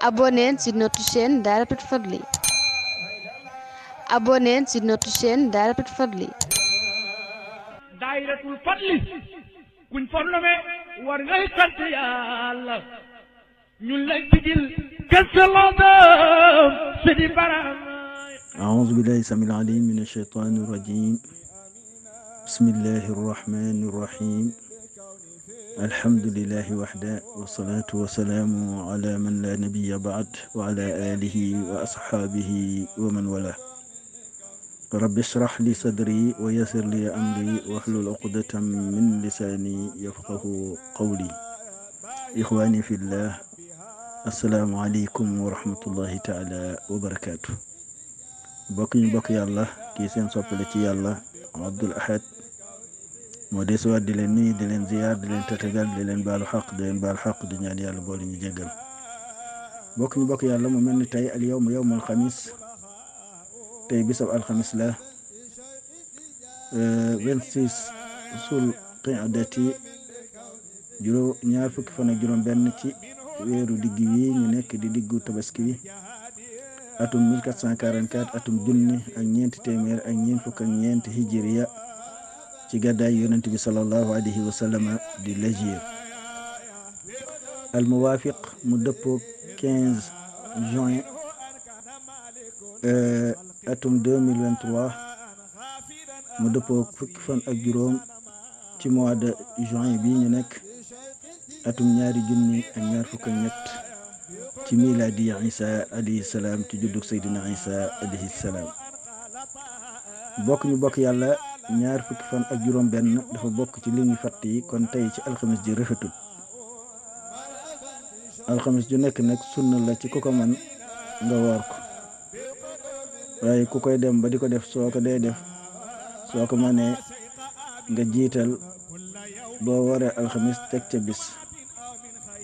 abonnez sur notre chaîne Dahiratoul Fadly abonnez sur notre chaîne Dahiratoul Fadly Dahiratoul Fadly kuñ fornome war ngay sant Yàlla ñun lay tijil kasalada sidi baram أعوذ بالله السميع العليم من الشيطان الرجيم بسم الله الرحمن الرحيم alhamdulilahi waxda wasalaatu wasalaamu ala man la nabiya baad wa ala alihi wa asxaabihi wa man wala rabbi shrah li sadri wa yasir li amri waxlul uqdatan min lisaani yafqahu qawli ixwaani fillah asalaamu aleykum wa rahmatullahi taala wa barakaatu bokk ñu bokk yàlla kii seen soppale ci yàlla abdul ahad moo desuwaat di leen nuyu di leen ziyaar di leen tatagal di leen baalu xaq di leen baal xaq di ñaan yàlla boole ñu jéggal bokk ñu bokk yàlla mu mel ni tey al yawm yawm alxamis tey bisab alxamis la 26 euh, sul qiadati ñaar fukki fan ak juróom benn ci weeru digg wi ñu nekk di diggu tabaski wi atum 1444 atum junni ak ñeenti téeméer ak ñeent fukk ak ñeent hijriya ci gàddaay yonent bi sallallahu alayhi wa sallam di légier al mu dëppoo 15 juin euh, atum mu dëppoo fukk fan ak juróom ci mois de juin bii ñu nekk atum ñaari junni ak ñaar fukk ak ñett ci milaadi isa alayhi salaam ci juddug saydina isa alayhi salaam bokk ñu bokk yàlla ñaar fukki fan ak juróom benn dafa bokk ci li ñu fàtt yi kon tey ci alxames ji rëfatul alxames ju nekk nag sunna la ci ku ko man nga ku koy dem ba di ko def soo ko day def soo ko mënee nga jiital boo waree alxames teg ca bis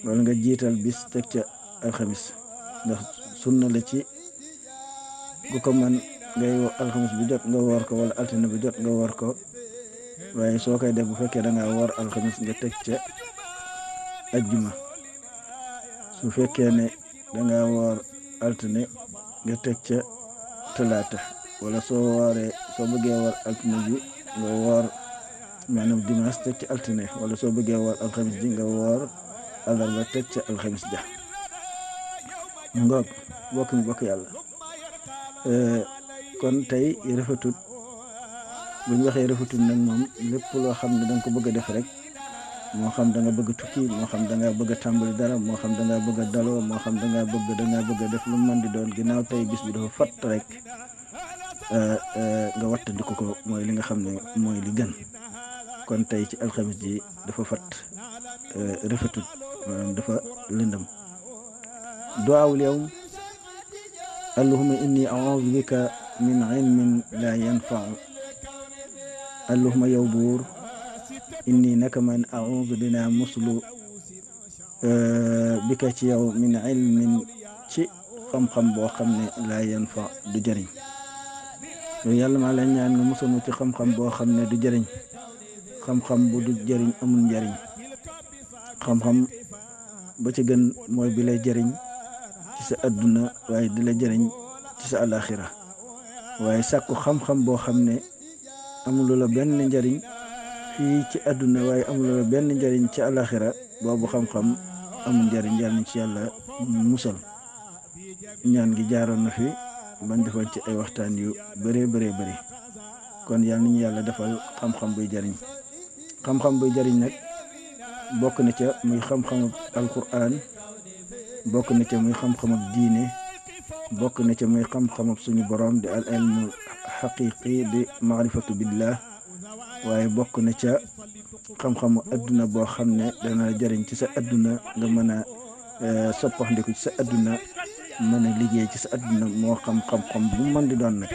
nga jiital bis teg ca alxames ndax sunna la ci ku ko man ngay alxames bu jot nga woor ko wala altine bu jot nga woor ko waaye soo koy def bu fekkee danga ngaa woor alxames nga teg ca ajjuma su fekkee ne danga ngaa woor altine nga teg ca talaata wala soo wooree soo bëggee woor altine ji nga woor maanaam dimanche teg ca altine wala soo bëggee woor alxames ji nga woor àllarba teg ca alxames ja ngoog bokk mi bokk yàlla eh, kon tey rafetut buñ waxee rafetut nag moom lépp loo xam ne da ko bëgg a def rek moo xam da nga bëgg a tukki moo xam da nga bëgg a tàmbali dara moo xam da nga bëgg a daloo moo xam da bëgg da nga bëgg a def lu mën di doon ginnaaw tey bis bi dafa fat rek euh, euh, nga wattandiku ko mooy li nga xam ne mooy li gën kon tey ci alxamis ji dafa fatt euh, rafetut maanaam min ilmin laa yanfau allahuma yow buur inni naka man audu dinaa muslu eh, bika ci yow min ilmin ci xam boo xam ne laa yanfa du jariñ yooyu yàlla maa lay ñaan nga ci xam-xam boo xam ne du jëriñ xam-xam bu du jëriñ amul njëriñ xam-xam ba ci gën mooy bi lay jëriñ ci sa adduna waaye di la jëriñ ci sa alaxira waaye sàkku xam-xam boo xam ne amulu la benn njariñ fii ci àdduna waaye amulu la benn njariñ ci alaxira boobu xam-xam amul njariñ yàlla ci yàlla musal ñaan gi jaaroon na fi bañ defal ci ay waxtaan yu bëree bëree bëri kon yàlla nañu yàlla defal xam-xam buy jariñ xam-xam buy jariñ nag bokk na ca muy xam-xamub alquran bokk na ca muy xam-xamub diine bokk na ca muy xam-xamab suñu borom di al ilmu xaqiqi di maarifatu billah waaye bokk na ca xam-xamu adduna boo xam ne dana jëriñ ci sa adduna nga mën a eh, soppandiku ci sa adduna mën a liggéey ci sa adduna moo xam xam-xam mën di doon nag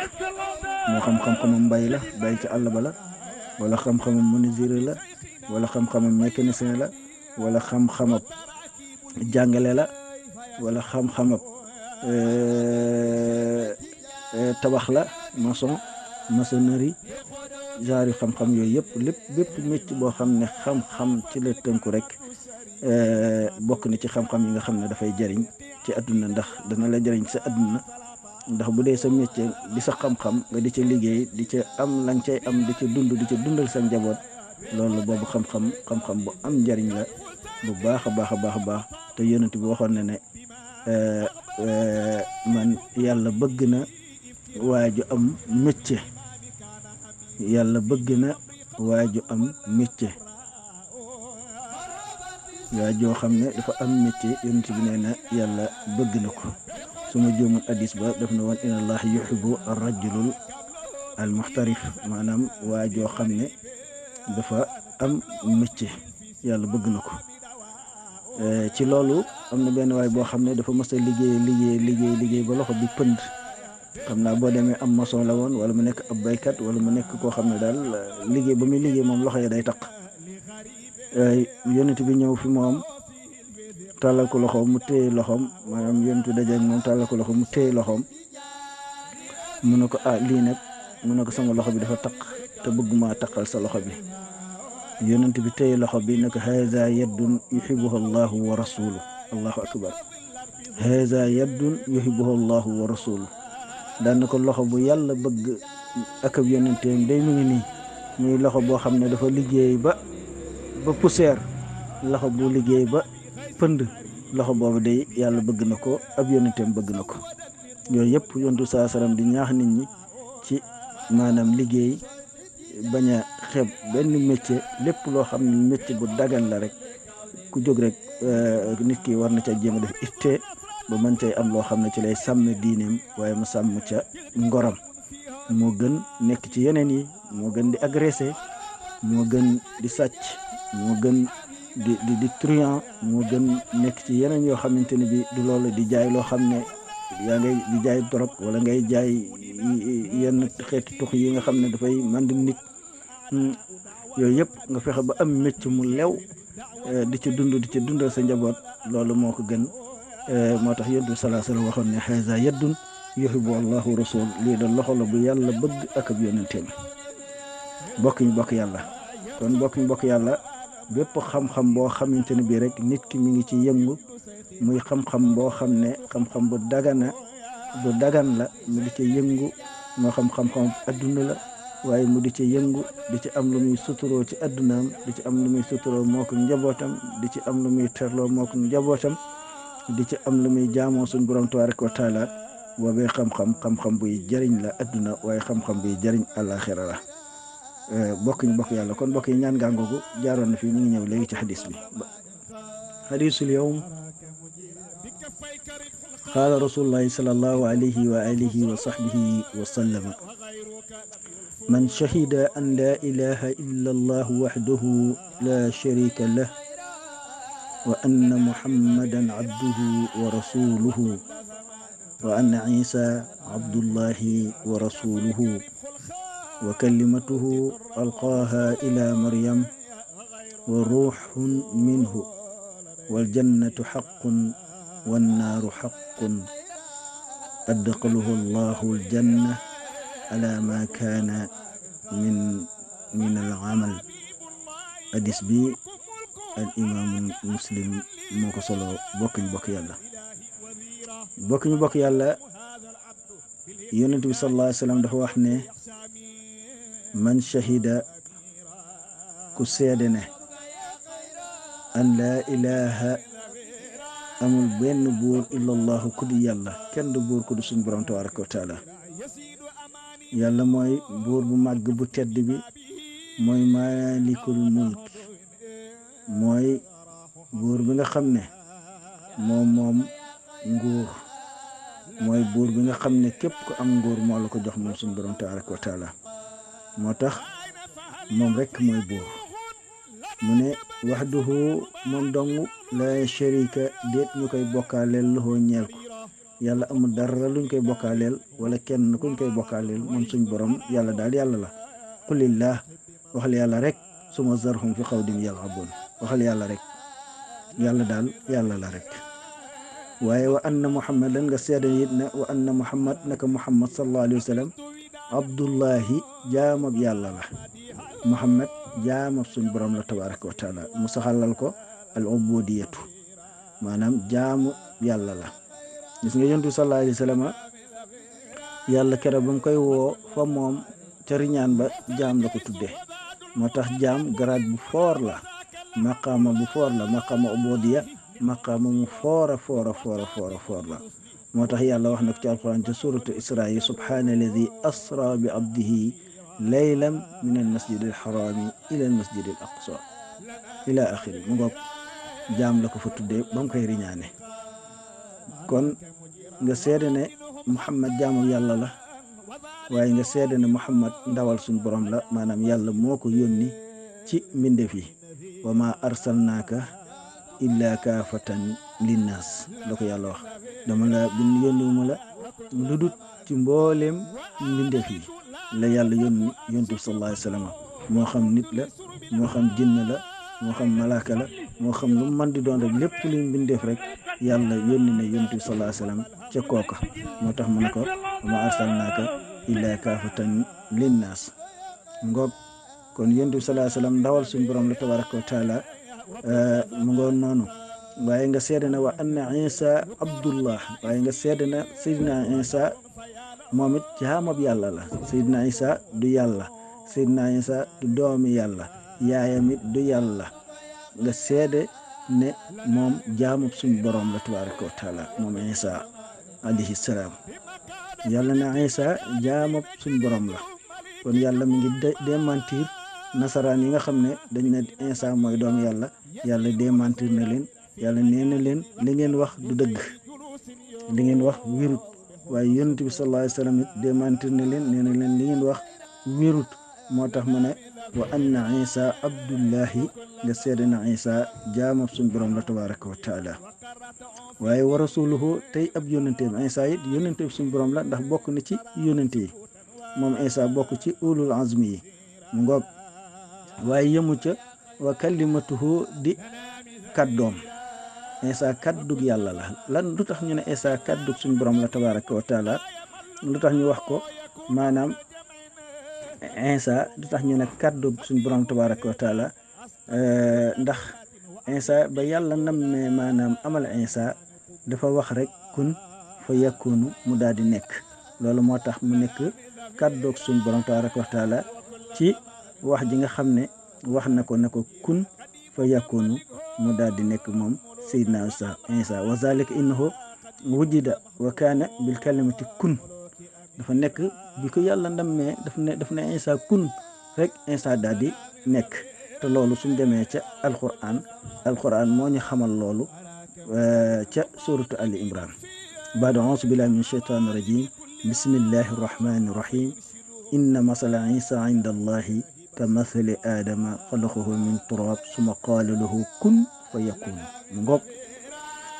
moo xam mbay la bay ci àll ba la wala xam-xamu menuisier la wala xam-xamu mécanicien la wala xam-xamab jàngale la wala xam-xamab Euh, euh, tabax la maçon maçonnerie genre xam-xam yooyu yëpp lépp bépp mécc boo xam ne xam-xam ci la tënku rek euh, bokk na ci xam-xam yi nga xam ne dafay jariñ ci àdduna ndax dana la jariñ sa àdduna ndax bu dee sa mécc di sa xam-xam nga di ca liggéey di ca am lañ cay am di ca dund di ca dundal sa njaboot loolu boobu xam-xam xam-xam bu am njariñ la bu baax a baax a baax a te yonent bi waxoon na ne man yàlla bëgg na waa ju am métier yàlla bëgg na waa ju am métier waa joo xam ne dafa am métier yonent bi nee na yàlla bëgg na ko suma ma juumul addis ba def na woon inna allah yuxibu arrajulul almuxtarif maanaam waa joo xam ne dafa am métier yàlla bëgg na ko eh, ci loolu am na benn waay boo xam ne dafa mës a liggéey liggéey liggéey liggéey ba loxo bi pënd xam naa boo demee am maçon la woon wala mu nekk ab baykat wala mu nekk koo xam ne daal euh, liggéey ba muy liggéey moom loxo ya day taq euh, yonent bi ñëw fi moom tàllal ko loxo mu téye loxoom maanaam yonent bi daje ak moom ko loxo mu téye loxoom mu ne ko ah lii nag mu ne ko sama loxo bi dafa taq te maa taqal sa loxo bi yonent bi téye loxo bi ne ko haza yaddun yuhibbuha allahu wa rasuluhu allahu akbar haza yaddun yuhibbuhu allahu wa rasuluhu daan na ko loxo bu yàlla bëgg ak ab yonenteem day mu ngi nii muy loxo boo xam ne dafa liggéey ba ba poussière loxo bu liggéey ba pënd loxo boobu day yàlla bëgg na ko ab yonenteem bëgg na ko yooyu yëpp yontu saa di ñaax nit ñi ci maanaam liggéey bañ a benn métier lépp loo xam ne métier bu dagan la rek ku jóg rek eh, nit ki war na ca jéem a def itte ba man cay am loo xam ne ci lay sàmm diineem waaye ma sàmm ca ngorom moo gën nekk ci yeneen yi moo gën di agressé moo gën di sàcc moo gën di di di moo gën nekk ci yeneen yoo xamante ne bi du loolu di jaay loo xam ne yaa ngay jaay dorog wala ngay jaay yenn xeeti tux yi nga xam ne dafay mànd nit hmm, yooyu yëpp nga fexe ba am mécc mu lew Eh, di ci dund di ci dundal sa njaboot loolu moo ko gën eh, moo tax yonent bi salaa salaam waxoon ne xaysa yaddun yuhibbu allahu rasul lii da loxo la bu yàlla bëgg ak ab yonenteem bokk ñu bokk yàlla kon bokk ñu bokk yàlla bépp xam-xam boo xamante ne bii rek nit ki mi ngi ci yëngu muy xam-xam boo xam ne xam-xam bu dagana bu dagan la mi ngi ci yëngu moo xam xam-xam adduna la waaye mu di ci yëngu di ci am lu muy suturoo ci addunaam di ci am lu muy suturoo moo ko njabootam di ci am lu muy terloo moo ko njabootam di ci am lu muy jaamoo suñ borom tabaraka wa taala boobee xam-xam buy jëriñ la adduna waaye xam-xam buy jëriñ la eh, bokk ñu yàlla kon bokk yi ñaan gàngoogu jaaroon na fii ñu ngi ñëw léegi ci xadis bi xadisul yowm qaala rasulullahi sallallahu alayhi wa alihi wa sahbihi wa sallama من شهد أن لا إله إلا الله وحده لا شريك له وأن محمدا عبده ورسوله وأن عيسى عبد الله ورسوله وكلمته ألقاها إلى مريم وروح منه والجنة حق والنار حق أدخله الله الجنة ala ma kaana min al amal hadis bi al imaamu muslim moo ko solo bokk ñu bokk yàlla bokk ñu bokk yàlla yonent bi sallallahu dafa wax ne man shahida ku seede ne an laa ilaha amul benn buur illallahu ku di yàlla kenn du buur ku di suñ borom tabaraka wa yàlla mooy buur bu màgg bu tedd bi mooy maalikul mulk mooy buur bi nga xam ne moom moom nguur mooy buur bi nga xam ne képp ku am nguur moo la ko jox moom suñu borom tabaraka moo tax moom rekk mooy buur mu ne waxduhu moom dong la sharika déet ñu koy bokkaaleel loxoo ñeel ko yàlla amul dara luñ koy bokkaaleel wala kenn kuñ koy bokkaaleel moom suñ borom yàlla daal yàlla la qulillah waxal yàlla rek suma zarhum fi xawdim yal'abun waxal yàlla rek yàlla daal yàlla la rek waaye wa anna muhammadan nga seede it ne wa anna muhammad naka muhammad sallallahu alayhi wa sallam abdullahi jaamab yàlla la muhammad jaamab suñ borom la mu saxalal ko al ubudiyatu yàlla la mis nga yontu sallallahu alayhi wa sallam yàlla kere ba mu koy woo fa moom ca riñaan ba jaam la ko tudde moo tax jaam garaat bu foor la maqaama bu foor la maqaama ubodiya maqaama mu foora foora foora foora foor la moo tax yàlla wax na ko ci alquran ca suratu isra yi subhaana alladi asra bi abdihi laylan min al masjid al xaraami ila al masjid al mu ngoog jaam la ko fa tudde ba koy riñaane kon nga seede ne Muhammad jaamu yàlla la waaye nga seede ne Muhammad ndawal suñ borom la maanaam yàlla moo ko yónni ci mbindeef yi wa ma arsalnaaka illa kaafatan linnaas la ko yàlla wax dama la bin yónniwuma la lu ci mbooleem mbindeef yi la yàlla yónni yontu bi sallallahu moo xam nit la moo xam jinn la moo xam malaaka la moo xam lu mën di doon rek lépp luy mbindeef rek yàlla yónni na yonent bi sallallahu alayhi wa sallam ca kooka moo tax mu ko ma arsalnaaka illaa kaafatan linnaas ngoog kon yonent tu sallallahu wa sallam ndawal suñu borom la tabaraka wa taala eh, mu ngoon noonu waaye nga seede na wa anna isa abdullah waaye nga seede na seydina isa moom it jaamab yàlla la seydina isa du yàlla seydina isa du doomi yàlla yaayam du yàlla nga seede ne moom jaamub suñ boroom la tabaraka wa taala moom Isa alayhi yàlla na Isa jaamub suñ boroom la kon yàlla mi ngi démentir nasaraan yi nga xam ne dañ ne Isa mooy doom yàlla yàlla démentir na leen yàlla nee leen li ngeen wax du dëgg li ngeen wax wérut waaye yonent bi sallallahu alayhi wa sallam it démentir na leen na leen li ngeen wax wérut moo tax mu ne wa anna isa abdullahi nga seede na isa jaamab suñ borom la tabaraka wa taala waaye wa rasuluhu tey ab yónnanteem isa it yónnante suñ borom la ndax bokk na ci yónnante yi moom isa bokk ci ulul azmi yi ngoog waaye yemu ca wa kalimatuhu di kaddoom isa kaddug yàlla la lan lu tax ñu ne isa kaddug suñ borom la tabaraka wa lu tax ñu wax ko maanaam insa du tax ñu ne kàddu suñu borom tabaraka wa taala euh, ndax insa ba yàlla nam ne maanaam amal insa dafa wax rek kun fa yakunu mu daal di nekk loolu moo tax mu nekk kàddoog suñu borom tabaraka wa taala ci wax ji nga xam ne wax na ko ne ko kun fa yakunu mu daal di nekk moom sayyidna insa wa zalika innahu wujida wa kaana bil kalimati kun dafa nekk bi ko yàlla ndammee daf ne daf ne Isa kun rek Isa daal di nekk te loolu suñ demee ca alquran alquran moo ñu xamal loolu eh, ca suratu ali imran baada ausu billahi min shaytan rajim bismillahi rahmani rahim inna masala isa inda allahi ka masali aadama xalaqahu min turab suma qaala lahu kun fa yakun mu ngoog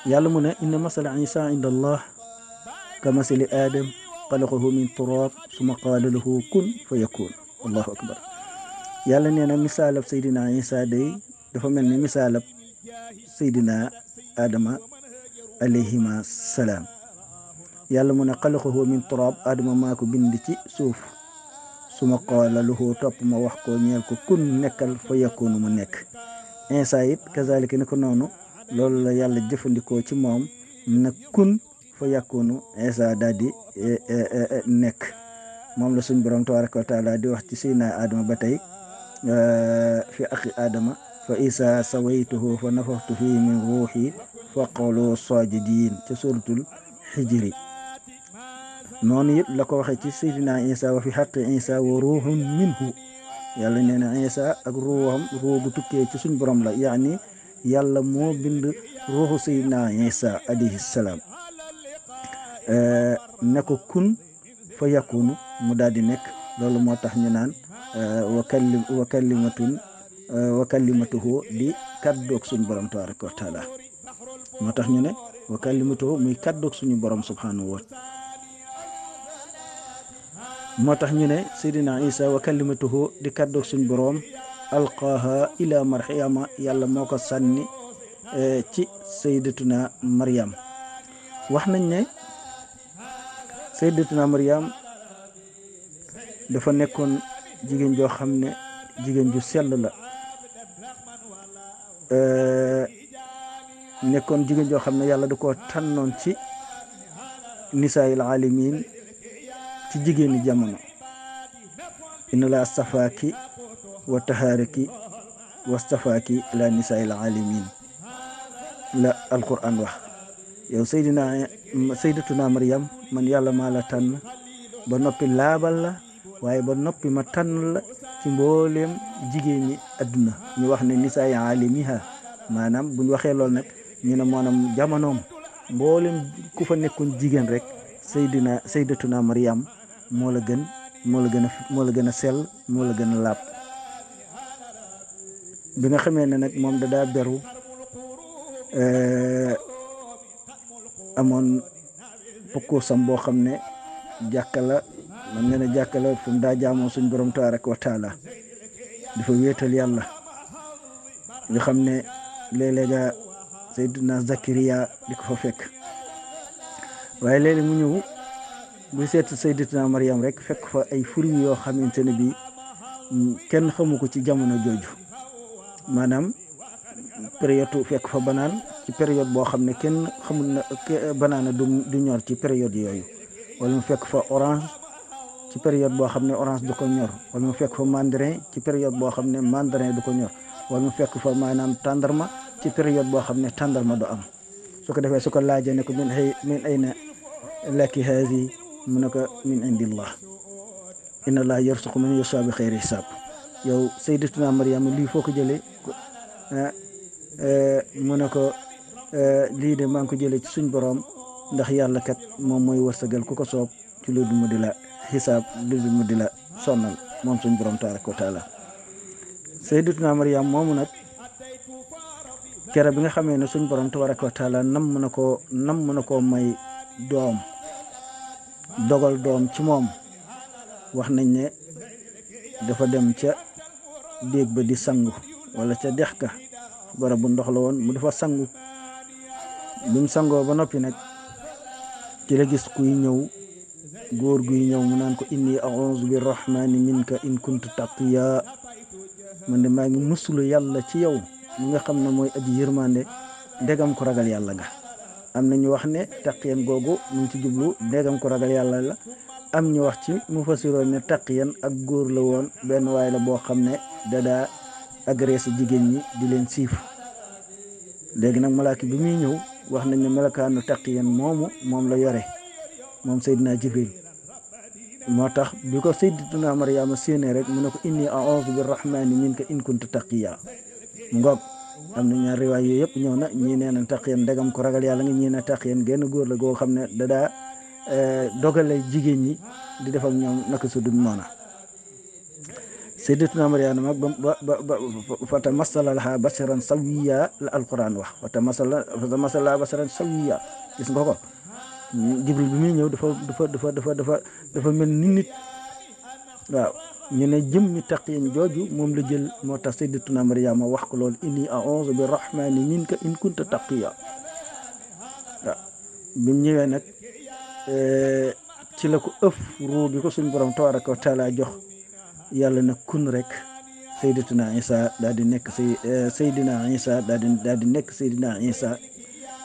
yàlla mu ne inna masala isa inda allah ka masali xalaqahu min turaab suma qaala lahu kun fa yakun allahu akbar yàlla nee na misaalab saydina isa day dafa mel ni misaalab saydina adama alayhima salaam yàlla mu ne xalaqahu min turaab adama maa ko ci suuf suma qaala lahu topp ma wax ko ñeel ko kun nekkal fa yakun mu nekk isa it kazalika ni ko noonu loolu la yàlla jëfandikoo ci moom na kun fa yàkkoonu Isa daal di e, e, e, nekk moom la suñ borom tabaraka wa taala di wax ci sayna Adama ba tey fi aqi Adama fa Isa sawaytuhu fa nafaxtu fii min ruuxi fa qawlu saajidiin ca suratul xijri noonu it la ko waxee ci saydina Isa wa fi xaqi Isa wa ruuxun minhu yàlla nee na Isa ak ruuxam ruux bu tukkee ci suñ borom la yaani yàlla moo bind ruuxu saydina Isa alayhi salaam Eh, ne ko kun fa yakunu mu daal di nekk loolu moo tax ñu naan eh, wa kalli wa kallimatun eh, wa kallimatuhu di kaddoog suñu borom tabaraka wa taala moo tax ñu ne wa kallimatuhu muy kaddoog suñu borom subhanahu wa tax ñu ne Seydina Isa wa di kaddoog suñu borom alqaaha ila maryama yàlla moo ko sànni ci sayyidatuna Maryam wax nañ ne sayyidatuna Maryam dafa nekkoon jigéen joo xam ne jigéen ju sell la nekkoon jigéen joo xam ne yàlla da koo tànnoon ci nisaayil alamin ci jigéeni jamono inna la astafaaki wa tahaaraki wa astafaaki la nisaayil alamin la alquran wax yow saydina mm, saydatuna Maryam man yàlla maa la tànn ba noppi laabal la waaye ba noppi ma tànn la ci mbooleem jigéen ñi adduna ñu wax ne nisaay alimiha maanaam bu ñu waxee lool nag ñu ne maanaam jamonoom mbooleem ku fa nekkoon jigéen rek saydina saydatuna mariyam moo la gën moo la gën a moo la gën a sell moo la gën a laab bi nga xamee ne nag moom da beru euh, amoon pakkuusam boo xam ne jàkka la man nga ne jàkka daa jaamoo suñ borom tabaraka wa taala dafa wéetal yàlla nga xam ne léeg-léega Seydina Zakariya ko fa fekk waaye léeg mu ñëw bu seet Sayyidatuna Maryam rek fekk fa ay fruits yoo xamante ne bi kenn xamu ko ci jamono jooju maanaam période fekk fa banaan ci période boo xam ne kenn xamul na banaana du du ñor ci période yooyu wala mu fekk fa orange ci période boo xam ne orange du ko ñor wala mu fekk fa mandarin ci période boo xam ne mandarin du ko ñor wala mu fekk fa maanaam tàndarma ci période boo xam ne tàndarma du am su ko defee su ko laajee ne ko min ay min ay na lakki mu ne ko min indillah inna allah yarsuqu man yashaa bi xayri hisaab yow sayyidatuna Maryam lii foo ko jëlee ah, Eh, mu ne ko eh, lii de maa ngi ko jëlee ci suñ boroom ndax yàlla kat moom mooy wërsëgal ku ko soob ci lu mu di la xisaab lu dul mu di la sonnal moom suñ boroom tabaraka wa taala sayyidatuna Maryam moomu nag kere bi nga xamee ne suñ borom tabaraka wa taala nam mën a koo nam mën a koo may doom dogal doom ci moom wax nañ ne dafa dem ca déeg ba di sangu walla ca dex ka barab bu ndox la woon mu dafa sangu bi mu sangoo ba noppi nag ci la gis kuy ñëw góor guy ñëw mu naan ko indi a'uuzu bi rahmaani minka in kuntu taqiya man ne maa ngi musulu yàlla ci yow mi nga xam ne mooy aji yërmande degam ko ragal yàlla nga am na ñu wax ne taqiyan googu mu ngi ci jublu degam ko ragal yàlla la am ñu wax ci mu fasiroon ne taqiyan ak góor la woon benn waay la boo xam ne dadaa agressé jigéen ñi di leen siif léegi nag malaaka bi muy ñëw wax nañ ne melakaanu taqiyan moomu moom la yore moom Seydina Jibril moo tax bi ko Seydatuna Mariama séenee rek mu ne ko inni a'udhu birrahmani ko in kunta taqiya ngoog am na ñaar riwaay yooyu yëpp ñëw na ñii nee na taqiyan ndegam ko ragal yàlla nga ñii ne taqiyan genn góor la goo xam ne dadaa eh, dogale jigéen ñi di def ak ñoom naka su dul noona sayyidatuna Maryam nag ba ba fa tamassala laha basharan sawiya la alquran wax fa tamassala fa tamassala laha basharan sawiya gis ko jibril bi ñëw dafa dafa dafa dafa dafa dafa mel ni waaw ñu ne jëmmi taqiyin jooju moom la jël moo tax sayyidatuna Maryam wax ko loolu inni a'uuzu bi rahmani minka in kunta taqiya waaw ñëwee nag eh, ci la ko ëf ruu bi ko suñu borom tabaraka wa taala jox yàlla na kun rek sayyidatuna Isa daal di nekk say eh, sayyidina Isa daal di daal di nekk sayyidina Isa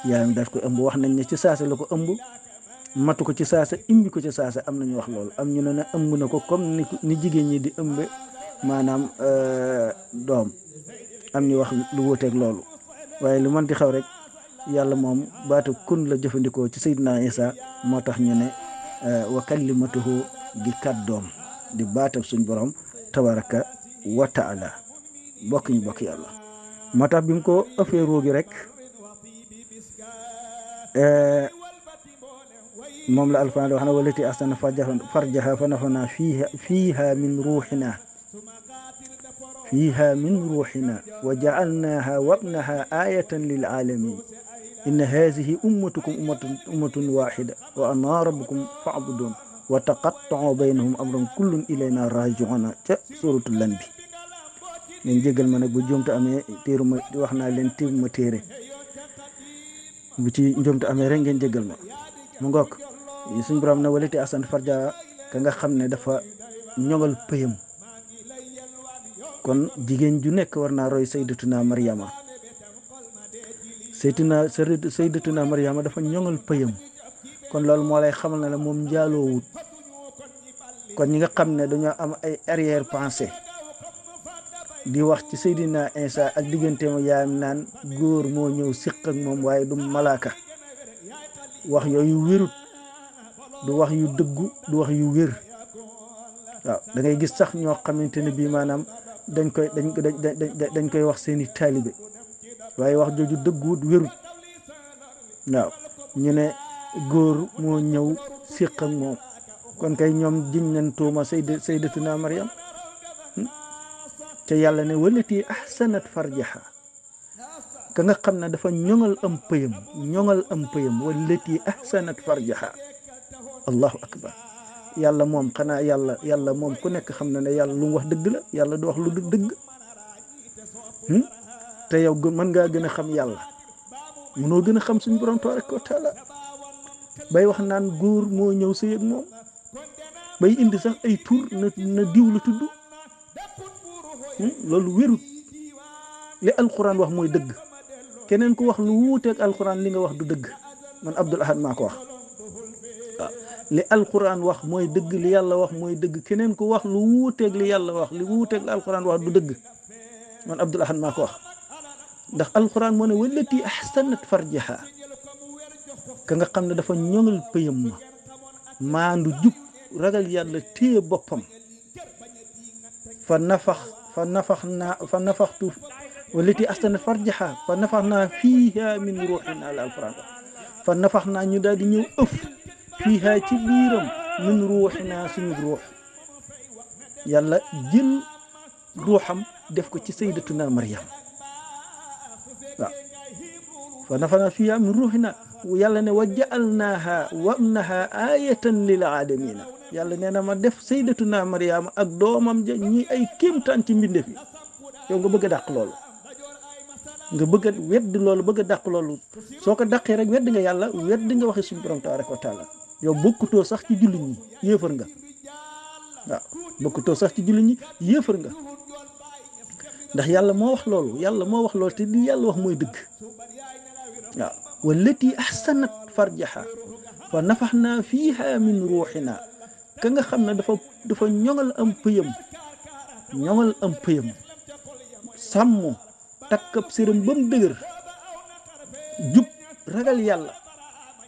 yaayam daal ko ëmb wax nañ ne ci saase la ko ëmb matu ko ci saase imbi ko ci saase am nañu wax loolu am ñu ne ne ëmb na ko comme ni jigéen ñi di ëmbe maanaam eh, doom am ñu wax lu wuuteeg loolu waaye lu mën di xaw rek yàlla moom baatu kun la jëfandikoo ci sayyidina Isa moo tax ñu ne eh, wa kalimatuhu di kat doom di baatab suñ borom tabaraka wa taala bokk ñu bokk yàlla moo bi mu ko ëffee ruugi rek eh, moom la alquran wax na walati ahsana farjaha fa nafana min ruuxina fiha min ruuxina wa jaalnaha wabnaha ayatan lil alamin inna hazihi ummatukum ummatun wahida wa ana rabbukum faabudun wa taqatta'u baynahum bay kullun ilayna raji'una ca suratul lan bi ngeen jégal ma nag bu jomte amee téeru ma wax naa leen téeru ma téere bu ci njomte amee rek ngeen jégal ma mu ngook suñ borom ne walati asan farja ka nga xam ne dafa ñoŋal pëyam kon jigéen ju nekk war naa roy sayyidatuna Maryama sayyidatuna sayyidatuna Maryama dafa ñoŋal pëyam kon loolu moo lay na ne la moom njaaloowut kon ñi nga xam ne dañoo am ay arrière pensée di wax ci Seydina Insa ak digganteem yaayam naan góor moo ñëw siq ak moom waaye du malaaka wax yooyu wérut du wax yu dëggu du wax yu wér waaw da gis sax ñoo xamante ne bii maanaam dañ koy dañ dañ koy wax seeni taalibe waaye wax jooju dëgguwut wérut waaw ñu ne góor moo ñëw siq ak moom kon kay ñoom jiñ nañ tuuma sayd saydatuna mariam te hmm? yàlla ne walati ahsanat farjaha ka nga xam ne dafa ñoŋal am pëyam ñoŋal am pëyam walati ahsanat farjaha allahu akbar yàlla moom xanaa yàlla yàlla moom ku nekk xam na ne yàlla lu wax dëgg la yàlla du wax lu dul dëgg hmm? te yow mën ngaa gën a xam yàlla mënoo gën a xam suñu borom tabaraka wa taala bay wax naan góor moo ñëw sëy ak moom bay indi sax ay tur na na tudd hmm? loolu wérut li alxuraan wax mooy dëgg keneen ku wax lu wuuteeg alxuraan li nga wax du dëgg man Abdul Ahad maa ko wax waaw ah. li alxuraan wax mooy dëgg li yàlla wax mooy dëgg keneen ku wax lu wuuteeg li yàlla wax li wuuteeg li alxuraan wax du dëgg man Abdul Ahad maa ko wax ndax alxuraan moo ne wallati ahsanat farjaha ka nga xam ne dafa ñoŋal pëyam ma maandu jub ragal yàlla téye boppam fa nafax fa nafax naa fa nafaxtu waliti astanat farjaha fa nafax naa fiiha min ruuxina la alquran fa nafax naa ñu daal di ñëw ëf fiiha ci biiram min ruuxina suñu ruux yàlla jël ruuxam def ko ci saydatuna Maryam waaw fa nafax naa fiiha min ruuxina yàlla ne wa jaalnaaha wa ibnaha ayatan lil alamina yàlla nee na ma def saydatuna mariama ak doomam ja ñi ay kéemtaan ci mbindeef yi yow nga bëgg a dàq loolu nga bëgga a wedd loolu bëgg a dàq loolu soo ko dàqee rek wedd nga yàlla wedd nga waxe suñu borom tabaraka wa taala yow bokkutoo sax ci jullit ñi yéefar nga sax ci jullit ñi nga ndax yàlla moo wax loolu yàlla moo wax loolu te li yàlla wax mooy dëgg wallati ahsanat farjaha fa nafaxnaa fiiha min ruuxina ka nga xam ne dafa dafa ñoŋal am pëyam ñoŋal am pëyam sàmm takkab séram ba mu dëgër jub ragal yàlla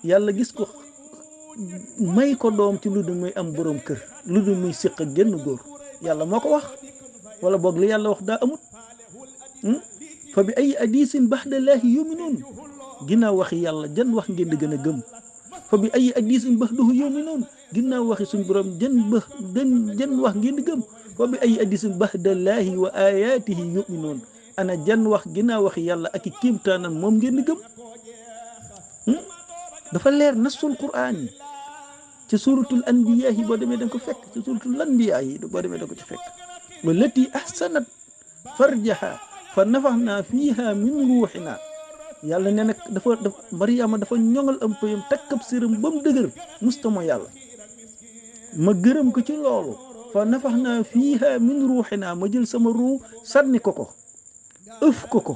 yàlla gis ko may ko doom ci lu dul muy am boroom kër lu dul muy séq ak génn góor yàlla moo ko wax wala boog li yàlla wax daa amut hmm? fa bi ay hadiisin ba'dallaahi yu'minuun ginnaaw wax yàlla jan wax ngeen di gën a gëm fa bi ay hadiisin ba'dahu yu'minuun ginnaaw waxi suñ borom jan ba jan jan wax ngeen di gëm fa bi ay hadiisin ba'dallaahi wa aayaatihi yu'minuun ana jan wax ginnaaw wax yàlla ak i kéemtaanam moom ngeen di gëm hmm? dafa leer nasul quraan yi ci suuratul anbiyaa yi boo demee danga ko fekk ci suuratul anbiyaa yi boo demee ko ci fekk wallati ahsanat farjaha fa nafaxnaa fiiha min ruuxinaa yàlla nee na dafa dafa Mariama dafa ñoŋal am payam takkab séram ba mu dëgër musta mooy yàlla ma gërëm ko ci loolu fa nafax naa fiiha min ruuxinaa ma jël sama ruu sànni ko ko ëf ko ko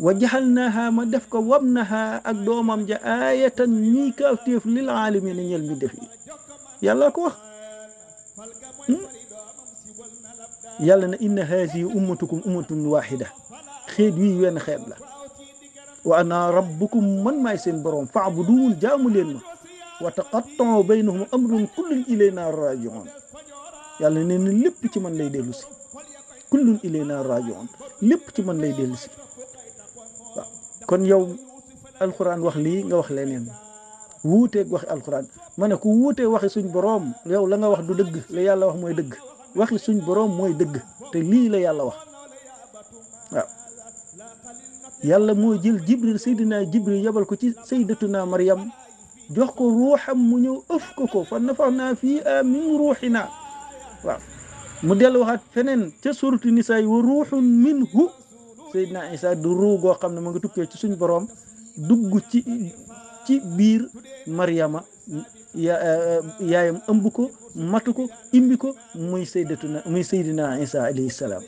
wa jaxal ma def ko wam naha ak doomam ja aayatan ñuy kaawteef lil aalamiina ñeel mi def yi yàlla ko hmm? yàlla na inna haasihi ummatukum ummatun waaxida xeet wii wenn xeet la waa ana rabbukum man maay seen borom faabuduun jàmm leen ma wa taqattoo baynahum amrun kullun ilayna rajiun yàlla nee na lépp ci man lay dellu si kullun ilayna lépp ci man lay dellusi kon yow alquran wax lii nga wax leneen wuuteeg waxi alquran ma ne ku wuutee waxi suñ boroom yow la nga wax du dëgg la yàlla wax mooy dëgg waxi suñ boroom mooy dëgg te lii la yàlla wax yàlla moo jël jibril saydina jibril yabal ko ci saydatuna maryam jox ko ruuxam mu ñëw ëf ko ko fa nafaxnaa fii a min ruuxina waaw mu dellu waxaat feneen ca suratu nisaa wa ruuxun minhu saydina isa du ruu goo xam ne mu ngi tukkee ci suñ boroom dugg ci ci biir maryama eh, yaayam ëmb ko matu ko imbi ko muy saydatuna muy saydina isa alayhi salaam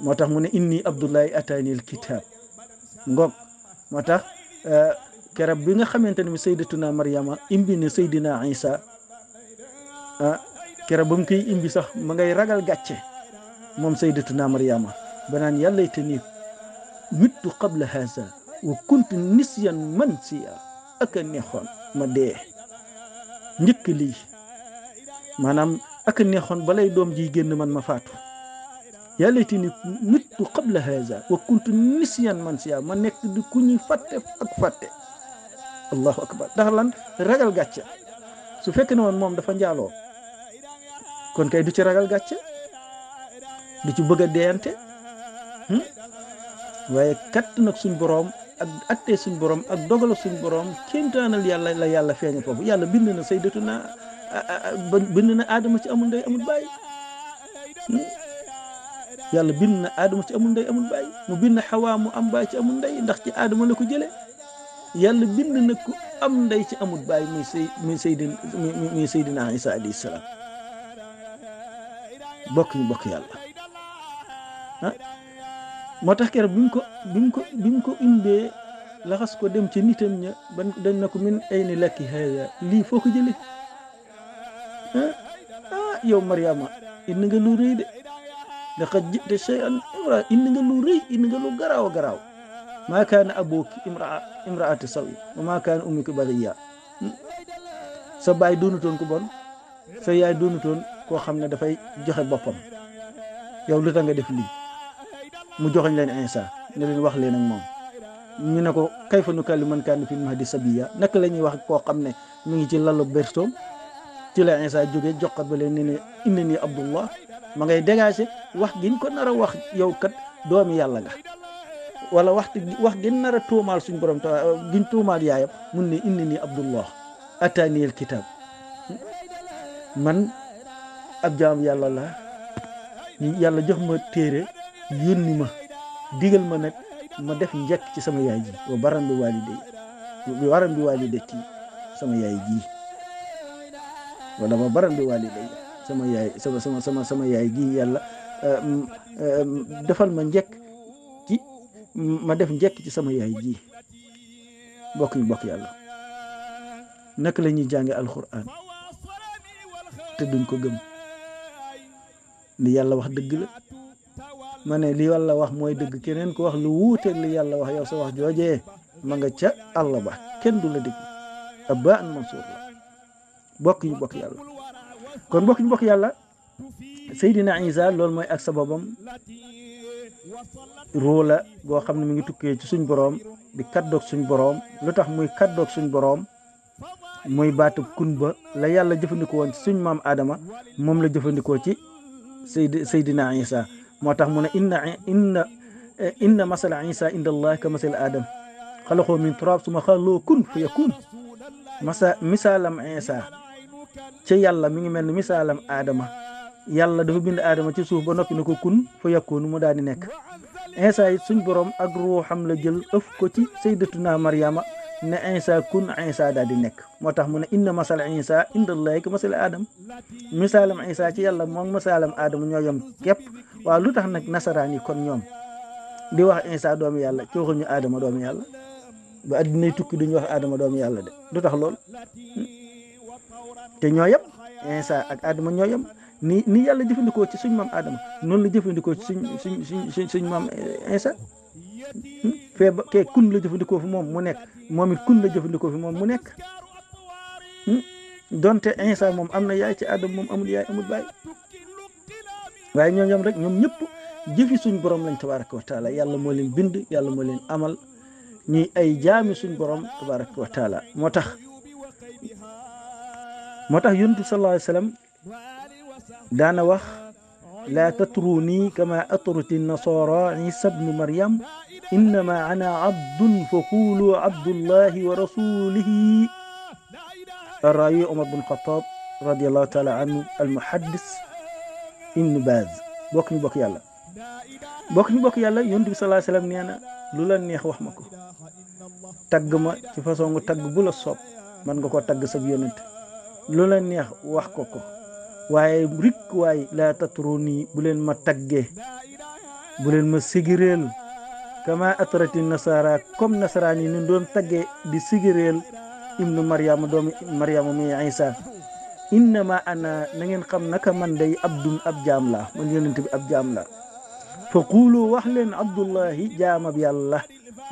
moo tax mu ne inni abdullahi ataani alkitab ngoog moo tax euh, kerab bi nga xamante ne bi saydatuna mariama imbi ne saydina isa ah kerab ba mu koy imbi sax ma ngay ragal gàcce moom saydatuna mariama banaan yàllay te nii mittu qabla haza wa kuntu nisyan mansiya ak a neexoon ma dee njëkk lii maanaam ak a neexoon balay doom ji génn man ma faatu yàlla laytanii mittu qabla haza wa kuntu nisyan mansiya ma nekk di ku ñuy fàtte ak fàtte allahu akbar ndax lan ragal gàcce su fekkee ne woon moom dafa njaaloo kon kay du ci ragal gàcce du ci bëgg a deyante hmm? waaye katt nag suñ boroom ak attee suñ borom ak dogala suñ boroom kéemtaanal yàlla la yàlla feeña foofu yàlla bind na sayyidatuna bind na aadama ci amul ndey amul bàyyi yàlla bind na aadama ci amul ndey amul baay mu bind xawaa mu am baay ci amul ndey ndax ci aadama la ko jëlee yàlla bind na ku am ndey ci amul baay muy say muy saydin muy saydina isa alayhi salaam bokk ñu bokk yàlla ah moo tax keroog bi mu ko bi mu ko bi mu ko indee laxas ko dem ci nitam ña ban dañ na ko min ay ni lakki hada lii foo ko jëlee ah yow Mariama indi nga lu rëy de laqad jita shay'an imra indi nga lu rëy indi nga lu garaaw a garaaw maa kaana abuki imra imraata sawi wa maa kaana ummuki baghiya sa baay doonutoon ku bon sa yaay doonutoon koo xam ne dafay joxe boppam yow lu tax nga def lii mu joxoñ leen insa ne leen wax leen ak moom ñu ne ko kayfa nukallimu man kaana fil mahdi sabiyya naka la ñuy wax koo xam ne mu ngi ci lalu bertoom ci la insa jóge joxat ba ne ne inni nii ma ngay dégager wax giñ ko nar a wax yow kat doomi yàlla nga wala waxtu wax giñ nar a tuumaal suñ borom ta giñ tuumaal yaayam mun ne inni ni abdullah ataniyel kitab man ab yàlla la yàlla jox ma téere yónni ma digal ma nag ma def njëkk ci sama yaay ji wa baram bi waalidé bi waram bi waalidé ji wala wa baram sama yaay sama sama sama sama yaay gi yàlla euh, euh, defal ma njekk ci ma def njekk ci sama yaay ji bokk ñu bokk yàlla naka la ñuy jànge alxuraan te duñ ko gëm li yàlla wax dëgg la ma ne li yàlla wax mooy dëgg keneen ko wax lu wuute li yàlla wax yow sa wax joojee ma nga ca àll ba kenn du la dégg ab baan mansuur la bokk ñu bokk yàlla kon mbokk mbokk yàlla Seydina Isa lool mooy ak sababam ruu la goo xam ne mu ngi tukkee ci suñ boroom di kaddoog suñ boroom lu tax muy kaddoog suñ boroom muy baatub kun ba la yàlla jëfandikoo ci suñ maam Adama moom la jëfandikoo ci Seydi Seydina Isa moo tax mu ne inna inna inna masala Isa inda allah ka masala Adam xalaqoo min turaab suma xaloo kun fa yakun masa misaalam ca yàlla mi ngi mel ni misaalam aadama yàlla dafa bind aadama ci suuf ba noppi na ko kun fa yakkoonu mu daal di nekk insa it suñ borom ak xam la jël ëf ko ci saydatuna mariama ne insaa kun insa daal di nekk moo tax mu ne inna masal insa indallahi ka masal aadam misaalam insa ci yàlla moom misaalam aadama ñoo yem képp waaw lu tax nag nasaraan yi kon ñoom di wax insa doom yàlla ci waxuñu aadama doomu yàlla ba addinay tukki wax aadama doomu yàlla de du tax lool te ñoo yem Insa ak Adama ñoo yam ni ni yàlla jëfandikoo ci suñ mam Adama noonu la jëfandikoo ci suñ suñ suñ suñ maam eh, Insa hmm? fee ba kee kun la jëfandikoo fi moom mu nekk moom it kun la jëfandikoo fi moom mu nekk hmm? donte Insa moom am na yaay ci Adama moom amul yaay amul baay waaye ñoo yem rek ñoom ñëpp jëfi suñ borom lañ tabaraka wa taala yàlla moo leen bind yàlla moo leen amal ñuy ay jaami suñ borom tabaraka wa moo tax. moo tax yonent bi sallallahu daana wax laa tatruni kama atruti nasara isa bnu maryam innama ana abdun fa qulu abdullahi wa rasulihi الراوي عمر بن الخطاب رضي الله تعالى عنه المحدث ابن باز بوك ني بوك يالا بوك ني بوك يالا يونتبي صلى الله عليه وسلم tag ma ci façon tag bu la man nga ko tag sa yonent lu la neex wax ko ko waaye rik waay laa tatru nii bu leen ma tagge bu leen ma sigiréel kama atrati nasara comme nasaraan yi ni doon tagge di sigiréel ibnu mariama doomi mariama mi isa innama ana na ngeen xam naka man day abdum ab jaam la man yonent bi ab jaam la fa quulu wax leen abdullahi jaamab yàlla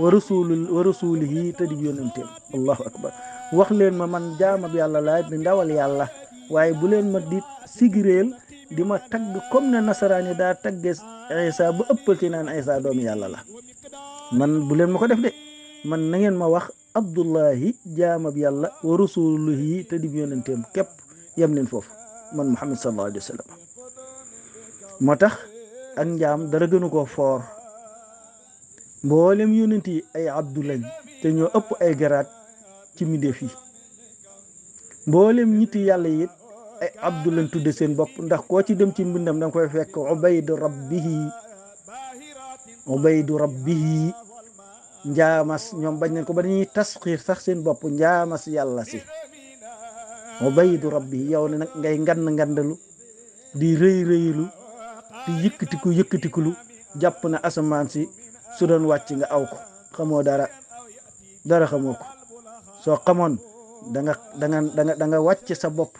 wa rasul wa rasulihi te di yonenteem allahu akbar wax leen ma man jaamab yàlla laay di ndawal yàlla waaye bu leen ma di sigireel di ma tagg kom ne nasaraan yi daa tagge Isa ba ëppal ci naan Isa doomu yàlla la man bu leen ma ko def de man na ngeen ma wax abdullahi jaamab yàlla wa rasuluhi te dib yonenteem képp yem leen foofu man muhammad sallallahu alayhi wa sallam moo tax ak njaam dara gënu ko foor mboolem yonent yi ay abdu te ñoo ëpp ay garaat ci mbindéef yi mboolem ñitti yàlla yi it ay seen bopp ndax koo ci dem ci mbindam danga koy fekk ubaydu rabbihi ubaydu rabbihi njaamas ñoom bañ nañ ko ba dañuy tasxiir sax seen bopp njaamas yàlla si ubaydu rabbihi yow ne nag ngay ngand ngandalu di rëy rëylu di yëkkatiku yëkkatikulu jàpp na asamaan si su doon wàcc nga aw ko xamoo dara dara xamoo soo xamoon danga nga da da nga wàcc sa bopp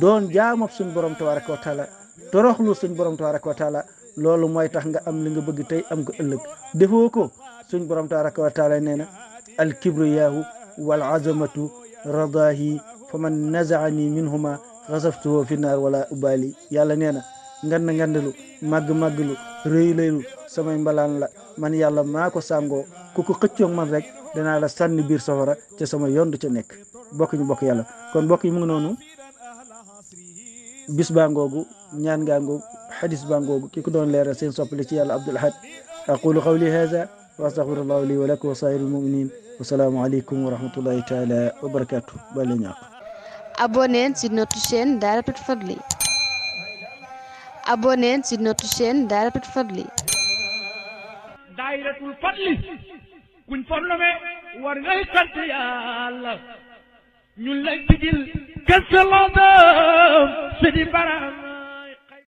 doon jaamob suñ borom tabaraka wa taala toroxlu suñ borom tabaraka wa taala loolu mooy tax nga am li nga bëgg tey am ko ëllëg defoo ko suñ borom tabaraka wa taala nee na al kibriyaahu wal azamatu radaahi fa man nazaani minhuma xasaftuhu fi naar wala ubali yàlla nee na ngand ngandlu màgg màgglu rëy samay mbalaan la man yàlla maa ko sàngoo ku ko xëccoog man rek danaa la sànni biir safara ca sama yoon du ca nekk bokk ñu bokk yàlla kon bokk ñu noonu bis baa ngoogu ñaan ngaa ngoogu xadis baa ngoogu ki ko doon leeral seen soppali ci yàlla Abdul Ahad aqulu qawli haza wa astaghfirullahu li wa wa sairil muminin wa rahmatullahi taala wa barakatu ba la ñàkk abonnez sur notre chaîne Dahiratoul Fadly abonnez kuñ fornome war ngay sant yàlla ñun lay tijil kese la doom si di baram